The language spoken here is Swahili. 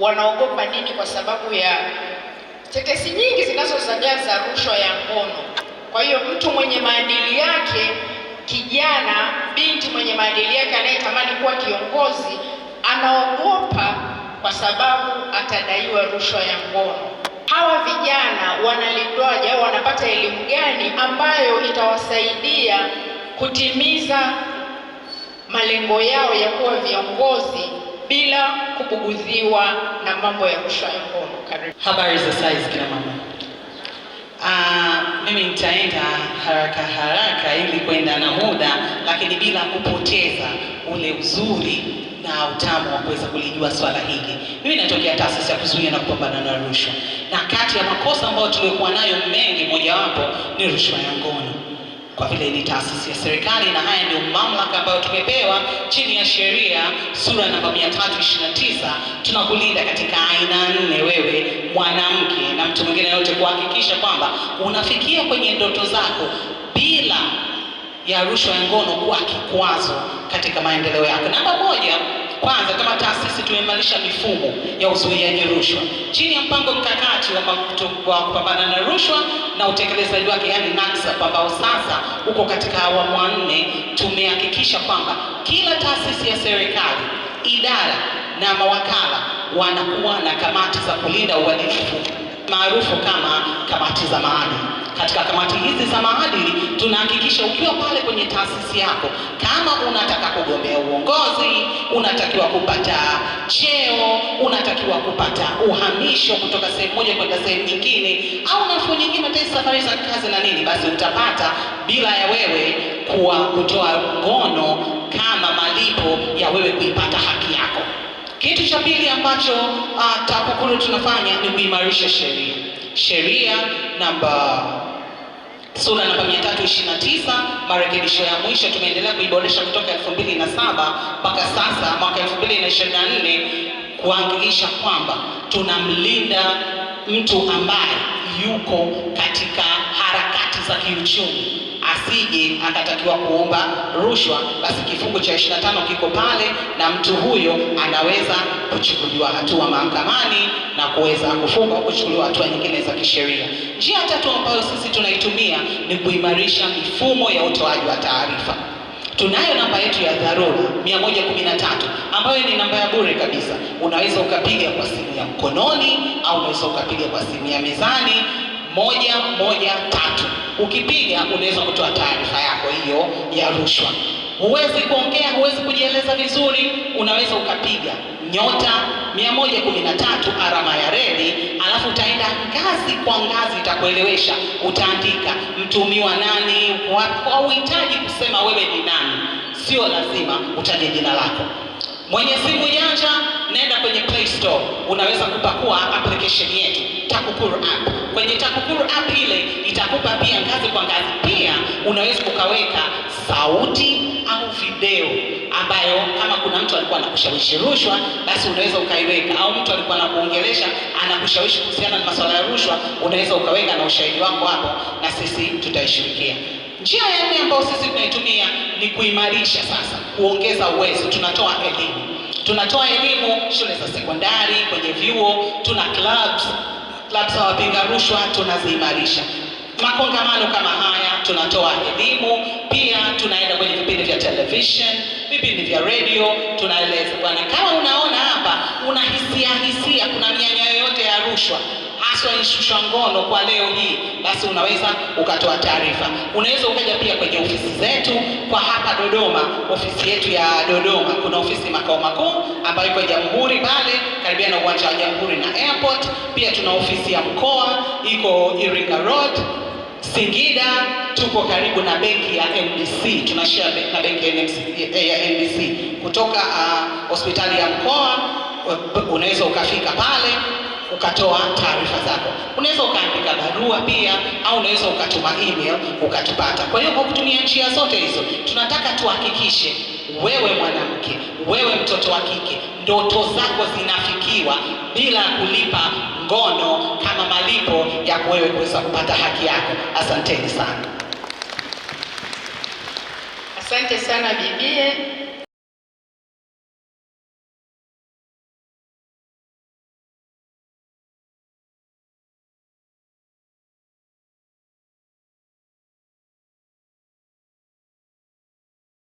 wanaogopa nini? Kwa sababu ya tetesi nyingi zinazozagaa za rushwa ya ngono. Kwa hiyo mtu mwenye maadili yake, kijana binti mwenye maadili yake anayetamani kuwa kiongozi, anaogopa kwa sababu atadaiwa rushwa ya ngono. Hawa vijana wanalindwaje au wanapata elimu gani ambayo itawasaidia kutimiza malengo yao ya kuwa viongozi? bila kupuguziwa na mambo ya rushwa ya ngono. Karibu. Habari za saizi kina mama. Uh, mimi nitaenda haraka haraka ili kwenda na muda, lakini bila kupoteza ule uzuri na utamu wa kuweza kulijua swala hili. Mimi natokea taasisi ya kuzuia na kupambana na rushwa, na kati ya makosa ambayo tuliokuwa nayo mengi, mojawapo ni rushwa ya ngono kwa vile ni taasisi ya serikali, na haya ndio mamlaka ambayo tumepewa chini ya sheria sura namba 329. Tunakulinda katika aina nne, wewe mwanamke na mtu mwingine yote, kuhakikisha kwamba unafikia kwenye ndoto zako bila ya rushwa ya ngono kuwa kikwazo katika maendeleo yako. Namba moja kwanza, kama taasisi tumeimarisha mifumo ya uzuiaji rushwa chini ya mpango mkakati wa kupambana na rushwa na utekelezaji wake, yani NACSA, ambao sasa uko katika awamu nne. Tumehakikisha kwamba kila taasisi ya serikali, idara na mawakala wanakuwa na kamati za kulinda uadilifu maarufu kama kamati za maadili. Katika kamati hizi za maadili tunahakikisha ukiwa pale kwenye taasisi yako, kama unataka kugombea uongozi, unatakiwa kupata cheo, unatakiwa kupata uhamisho kutoka sehemu moja kwenda sehemu nyingine, au nafuu nyingine, hata safari za kazi na nini, basi utapata bila ya wewe kuwa kutoa ngono kama malipo ya wewe kuipata haki yako. Kitu cha pili ambacho uh, TAKUKURU tunafanya ni kuimarisha sheria sheria namba sura namba 329 marekebisho ya mwisho. Tumeendelea kuiboresha kutoka 2007 mpaka sasa mwaka 2024 kuhakikisha kwamba tunamlinda mtu ambaye yuko katika harakati za kiuchumi asije akatakiwa kuomba rushwa, basi kifungu cha 25 kiko pale na mtu huyo anaweza kuchukuliwa hatua mahakamani na kuweza kufungwa au kuchukuliwa hatua nyingine za kisheria. Njia tatu ambayo sisi tunaitumia ni kuimarisha mifumo ya utoaji wa taarifa. Tunayo namba yetu ya dharura 113 ambayo ni namba ya bure kabisa. Unaweza ukapiga kwa simu ya mkononi au unaweza ukapiga kwa simu ya mezani moja moja tatu. Ukipiga unaweza kutoa taarifa yako hiyo ya rushwa. Huwezi kuongea, huwezi kujieleza vizuri, unaweza ukapiga nyota 113 alama ya reli, alafu utaenda ngazi kwa ngazi, itakuelewesha. Utaandika mtumiwa nani, uhitaji kusema wewe ni nani, sio lazima utaje jina lako. Mwenye simu janja, nenda kwenye Play Store, unaweza kupakua application yetu TAKUKURU app. Kwenye TAKUKURU app ile itakupa pia ngazi kwa ngazi, pia unaweza ukaweka sauti au video ambayo kama kuna mtu alikuwa anakushawishi rushwa, basi unaweza ukaiweka, au mtu alikuwa anakuongelesha anakushawishi kuhusiana na masuala ya rushwa, unaweza ukaweka na ushahidi wako hapo, na sisi tutaishirikia. Njia ya nne ambayo sisi tunaitumia ni kuimarisha sasa, kuongeza uwezo. Tunatoa elimu, tunatoa elimu shule za sekondari, kwenye vyuo, tuna clubs, clubs za wapinga rushwa tunaziimarisha. Makongamano kama haya tunatoa elimu pia, tunaenda kwenye vipindi vya television, vipindi vya radio, tunaeleza bwana, kama unaona hapa una hisia hisia, kuna mianya yoyote ya rushwa Ackson ngono kwa leo hii, basi unaweza ukatoa taarifa. Unaweza ukaja pia kwenye ofisi zetu kwa hapa Dodoma, ofisi yetu ya Dodoma, kuna ofisi makao makuu ambayo iko Jamhuri pale karibia na uwanja wa Jamhuri na airport. Pia tuna ofisi ya mkoa iko Iringa Road Singida, tuko karibu na benki ya MBC, tunashare na benki ya MBC eh, kutoka uh, hospitali ya mkoa eh, unaweza ukafika pale ukatoa taarifa zako. Unaweza ukaandika barua pia, au unaweza ukatuma email ukatupata. Kwa hiyo kwa kutumia njia zote hizo, tunataka tuhakikishe wewe mwanamke, wewe mtoto wa kike, ndoto zako zinafikiwa bila kulipa ngono kama malipo ya wewe kuweza kupata haki yako. Asanteni sana, asante sana bibie.